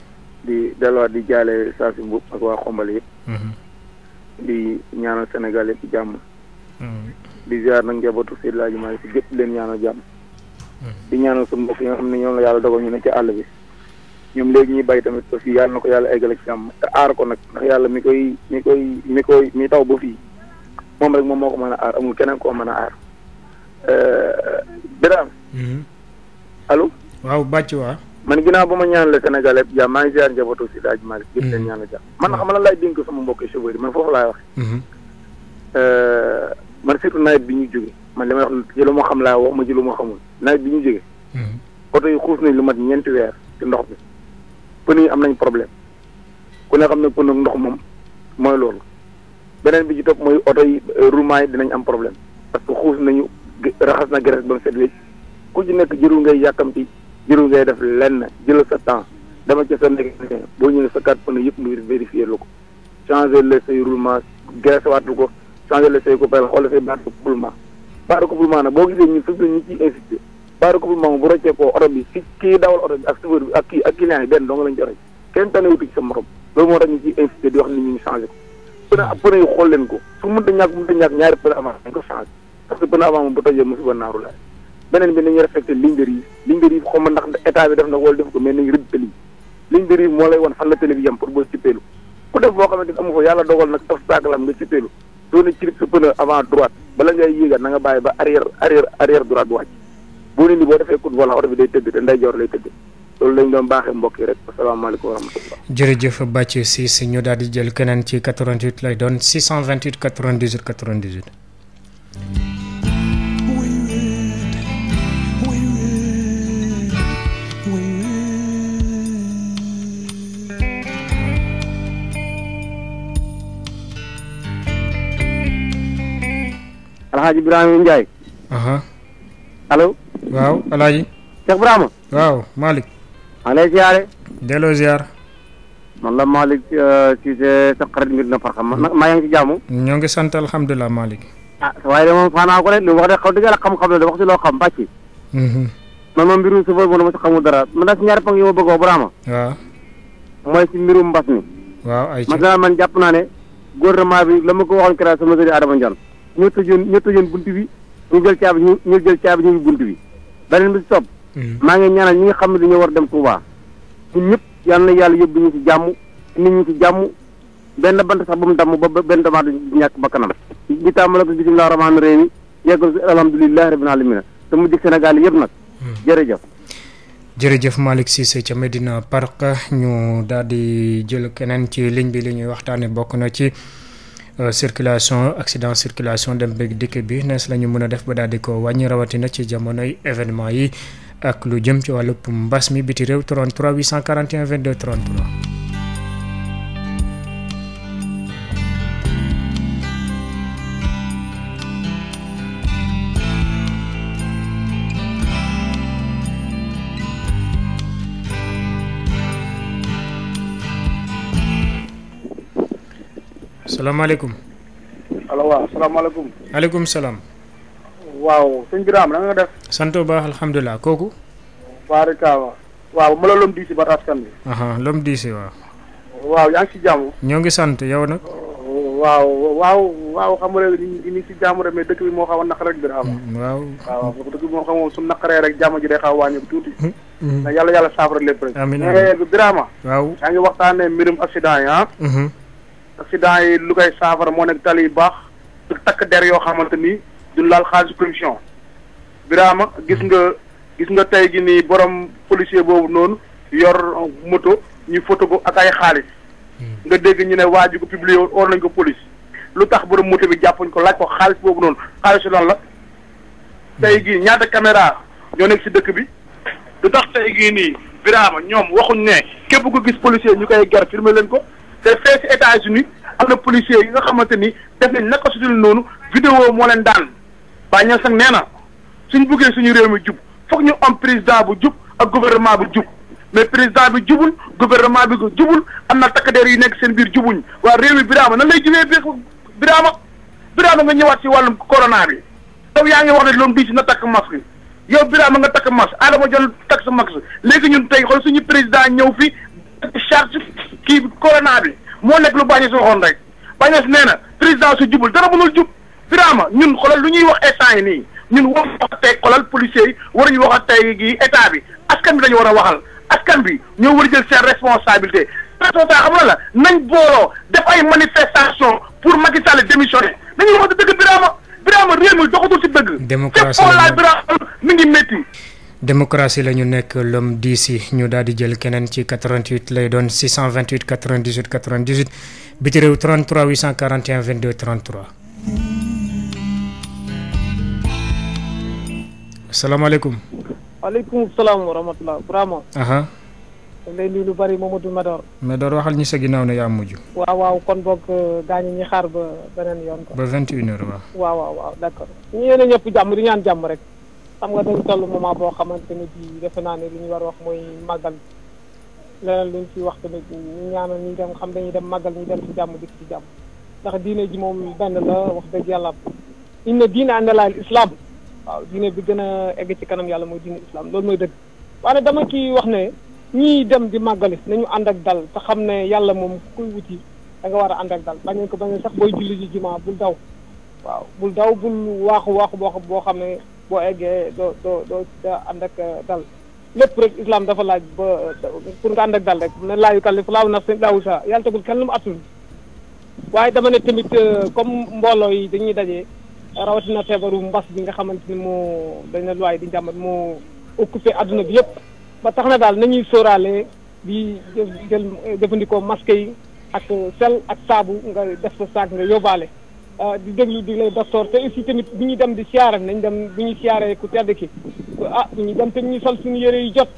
di delluwaat di jaale saa si mbubb ak waa xombal yëpp. Mhm. di ñaanal Sénégal yëpp jàmm. Mhm. di ziar nag njabootu Seydou Laaji Maalik si gépp leen ñaanal jàmm. Mhm. di ñaanal suñu yi nga xam ne ñoom la yàlla dogal ñu ne ci àll bi. ñoom léegi ñuy bay tamit aussi yàlla na ko yàlla eggal ak jàmm te aar ko nag ndax yàlla mi koy mi koy mi koy mi taw ba fii moom rek moom moo ko mën a aar amul keneen koo mën a aar. Euh, Birame. Mhm. allo. waaw bàcc waa. man ginnaaw ba ma ñaanal Sénégal yëpp jàmm maa ngi ziar njabootu si daaj Malick. yëpp leen mhm. ñaanal jàmm man xam mhm. la laay dénk sama mbokk chauffeur yi man foofu laay waxee. Euh, man surtout nawet bi ñu jóge man li may wax ci lu ma xam laa wax ma ci lu ma xamul nawet bi ñu jóge oto yi xuus nañ lu mat ñeenti weer ci ndox bi pneu yi am nañ problème ku ne xam ne pneu ndox moom mooy loolu beneen bi ci topp mooy oto yi euh, roulement yi dinañ am problème parce que xuus nañu. raxas na graisse ba mu set wécc ku ci nekk jëru ngay yàkkamti jëru ngay def lenn jëlal sa temps dama ca sa nekk boo ñëwee sa carte pneu a nga vérifier lu ko changer le say roulement graisse waatul ko changer le say coupelle xoolal say barre de couplement barre de couplement nag boo gisee ñun fi ñu ciy insisté barre de couplement bu rëccee ko oto kii dawal oto bi ak chauffeur bi ak kii lañ ci rëcc kenn tanewutu ci sa morom loolu moo ko pneu ab pneu yi ko su parce que pneu avant moom bu tojee musiba naaru la beneen bi nañu respecté ligne de rive ndax état bi def na wala def ko mais nañu rëdd tali ligne de rive moo lay wan fan la tali pour boo cippeelu ku def boo xamante amu fa yàlla dogal nag obstacle am nga cippeelu doona cirib sa pneu avant droite bala ngay yéegal na bàyyi ba arrière arrière arrière droite wàcc boo ne ni boo defee coup de volant bi day tëdd te ndeyjoor lay tëdd loolu alxaaji Ibrahima Ndiaye. allo. waaw alxaaji. Cheikh Ibrahima. waaw Malick. maa ngi lay ziare. delloo ziar. man la Malick Cissé euh, sa xarit mbir na farxam ma maa ngi ci jàmm. ñoo ngi sant alhamdulilah Malick. ah waaye de moom faanaa ko rek lu wax de xaw dëgg yàlla xam-xam la de wax si loo xam bàcc. Mhm. man moom mbirum suba moom dama si xamul dara man daal si ñaari ponk yi ma bëgg a wax Ibrahima. waaw. mooy si mbirum mbas mi. waaw ay man jàpp naa ne gouvernement bi la ma ko waxoon ñoo tëjoon ñoo tëjoon bunt bi ñu jël caabi ñu ñu jël caabi ñu bunt bi beneen bi ci topp hmm. maa ngi ñaanal ñi nga xam ne dañoo war dem Touba ñun ñëpp yal na yàlla yóbbu ñu ci jàmm nit ñu ci jàmm benn bant sax ba mu damm ba benn damaat du ñàkk ba kanam di tàmbale ko bisimilah rahmaani rahim yeggul si alhamdulilah rabbil alamin te mu di Sénégal yëpp nag hmm. jërëjëf jërëjëf si Cissé ca Medina Park ñu daal di jël keneen ci liñ bi li ñuy waxtaane bokk na ci Euh, circulation accident circulation dem bëgg dikk bi nees la ñu mën a def ba daal di ko wàññi rawatina ci jamonoy événement yi ak lu jëm ci wàllu mbas mi biti réew 33 841 22 33 salaamaaleykum. allo waaw salaamaaleykum. maaleykum salaam. waaw sëñ Birame na nga def. sant bu baax alhamdulilah kooku. Barikawa. waaw ma la lom diisi ba askan bi. lom diisi waaw. yaa ngi ci jàmm. ñoo ngi sant yow nag. waaw waaw waaw xam nga ni ni ci jàmm rek mais dëkk bi moo xaw naq naqare rek dina am. Mm, waaw dëkk bi moo xam su naqaree rek jàmm ji day xaw a tuuti. na mm, mm. yàlla yàlla saafara lépp rek. amiin eh, waaw yaa ngi waxtaanee mbirum accident yi ah. Mm-hmm. accident yi lu koy saafara moo nekk tali yu baax takk der yoo xamante ni du laal xaalisu commission Birama gis nga gis nga tey gi nii borom policier boobu noonu yor moto ñu foto ko ak ay xaalis hmm. nga dégg ñu ne waa ji ko publié woon or nañ ko police lu tax borom moto bi jàppuñ ko laaj ko xaalis boobu noonu xaalisu lan la hmm. tey gi ñaata caméra ñoo nekk ci dëkk bi lu tax tey gi nii Birama ñoom waxuñ ne képp ko gis policier ñu koy ger firmer leen ko te fee si États-Unis am na policiers yi nga xamante ni def nañ naka sutul noonu vidéo moo leen daan bàyyi ña sax nee na suñ buggee suñu réew mi jub foog ñu am président bu jub ak gouvernement bu jub mais président bi jubul gouvernement bi jubul am na takk der yi nekk seen biir jubuñ waa réew mi biraama nan lay jubee biir biraama biraama nga ñëwaat si wàllum corona bi yow yaa ngi wax ne loolu di si na takk masque yow biraama nga takk masque Adama jël takk sa masque léegi ñun tey xool suñu président ñëw fi charge kii corona bi moo nekk lu Bañes waxoon rek Bañes nee na président su jubul dara mënul jub Birama ñun xoolal lu ñuy wax instant yi nii ñun waruñu wax tey xoolal policiers yi waruñu wax tey gi état bi askan bi dañu war a waxal askan bi ñoo war a jël seen responsabilité. responsabilité xam nga la nañ booloo def ay manifestation pour Macky Sall démissionner dañuy wax dëgg Birama Birama réew mi doxatul ci dëgg. démocratie bi fépp xoolaay Birama mi ngi métti. démocratie la ñu nekk l'homme di si ñu daal di jël keneen ci 88 lay doon 628 98 98 biti réew 33 841 22 33. asalaamaaleykum. waaleykum salaam wa rahmatulah. Birama. dañ lay nuyu lu bari Mamadou Medor. Medor waxal ñi sa ginnaaw na yaa mujj. waaw waaw kon boog euh, gaañu ñi xaar ba beneen yoon. ba waaw. waaw waaw waaw ñu yéene ñëpp jàmm di ñaan jàmm rek. xam nga dañ toll moment boo xamante ne bii defe naa ne li ñu war wax mooy maggal leneen luñ ci wax tamit ñu ñaanal ñu dem xam dañuy dem màggal ñu dem ci jàmm ci jàmm ndax diine ji moom benn la wax dëgg yàlla inna diine àndalaa islam waaw diine bi gën a egg ci kanam yàlla mooy diine islam mooy dëgg waaye dama ci wax ne ñiy dem di màggali nañu ànd ak dal te xam ne yàlla moom kuy wuti da nga war a ànd ak dal bañ ko bañ sax booy julli ji jumaa bul daw waaw bul daw bul waaxu waaxu boo boo xam ne boo eggee doo doo doo ca ànd ak uh, dal lépp rek islam dafa laaj ba uh, pour nga ànd ak dal rek ne laa yukallifu laahu nafsan illaa wusahaa yàlla tegul kenn lu mu attul waaye dama ne tamit uh, comme mbooloo yi dañuy daje rawatina feebaru mbas bi nga xamante ni moo dañ ne luwaay di njàmbat moo occupé adduna bi yëpp ba tax na daal nañuy sóoraale di jël jëfandikoo masque yi ak sel ak saabu nga def sa saak nga yóbbaale Ah, di déglu digle docteur te aussi tamit bu ñu dem di siyaare nañ dem bu ñu siyaaree ku tedd ki ah bu ñu dem te ñu sol suñu yére yu jot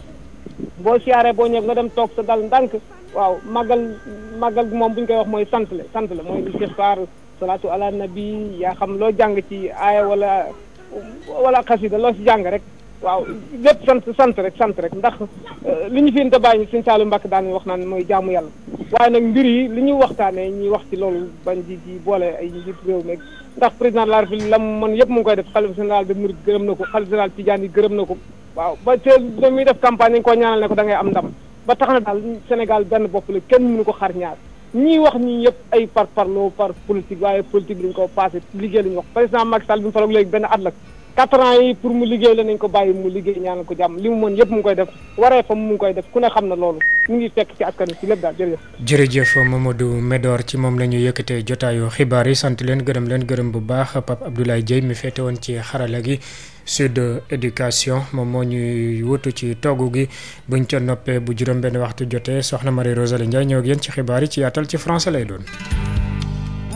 boo siyaaree boo ñëw nga dem toog sa dal ndànk waaw màggal màggal moom bu ñu koy wax mooy sant la sant la mooy istixfaar salaatu ala nabi yaa xam loo jàng ci aaya wala wala xasida loo si jàng rek waaw lépp sant sant rek sant rek ndax euh, li ñu fi bàyyi ñu sëñ Saliou Mbacke daan wax naan mooy jaamu yàlla waaye nag mbir yi li ñuy waxtaanee ñuy wax ci loolu bañ di boole ay njiit réew meeg ndax président de la République la man yëpp mu ngi koy def xalifa général de Mouride gërëm na ko xalifa général Tidiane yi gërëm na ko waaw ba te muy def campagne dañu ko ñaanal ne ko da ngay am ndam ba tax na daal Sénégal benn bopp la kenn nu ko xar ñaar ñii wax ñii yëpp ay par parloo par politique waaye politique lañu ko passé liggéey la ñu wax président Macky léegi benn at la quatre yi pour mu liggéey la nañ ko bàyyi mu liggéey ñaanal ko jàmm li mu mën yëpp mu ngi koy def waree fa mu ngi koy def ku ne xam na loolu mu ngi fekk ci askan wi si lépp daal jërëjëf. jërëjëf Mamadou Medor ci moom la ñu yëkkatee jotaayu xibaar yi sant leen gërëm leen gërëm bu baax Pape Abdoulaye Dieye mi féete woon ci xarala gi Sud Éducation moom moo ñuy wutu ci togg gi buñ ca noppee bu juróom-benn waxtu jotee soxna Marie Rosalie Ndiaye ñëw ak yéen ci xibaar yi ci yaatal ci français lay doon.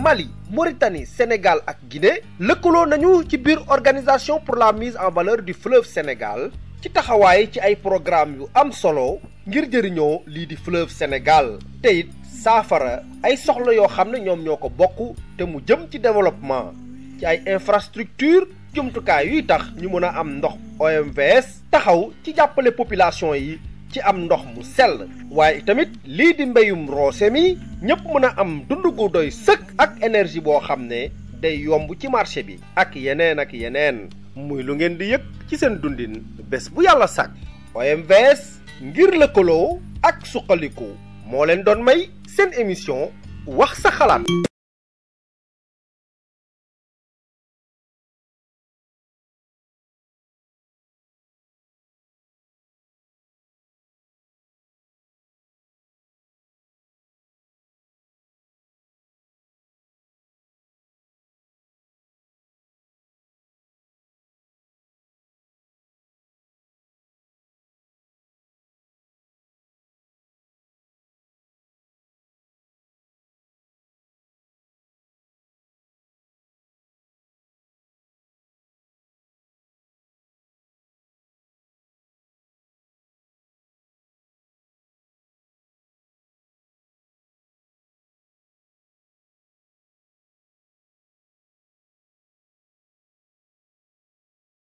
Mali Mauritanie Sénégal ak Guinée lëkkaloo nañu ci biir organisation pour la mise en valeur di fleuve Sénégal ci taxawaay ci ay programme yu am solo ngir jëriñoo lii di fleuve Sénégal te saafara ay soxla yoo xam ne ñoom ñoo ko bokk te mu jëm ci développement ci ay infrastructure jumtukaay yuy tax ñu mën a am ndox OMVS taxaw ci jàppale population yi ci am ndox mu sell waaye tamit lii di mbéyum roose mi ñëpp mën a am dund gu doy sëkk ak énergie boo xam ne day yomb ci marché bi ak yeneen ak yeneen muy lu ngeen di yëg ci seen dundin bés bu yàlla sàkk OMVS ngir lëkkaloo ak suqaliku moo leen doon may seen émission wax sa xalaat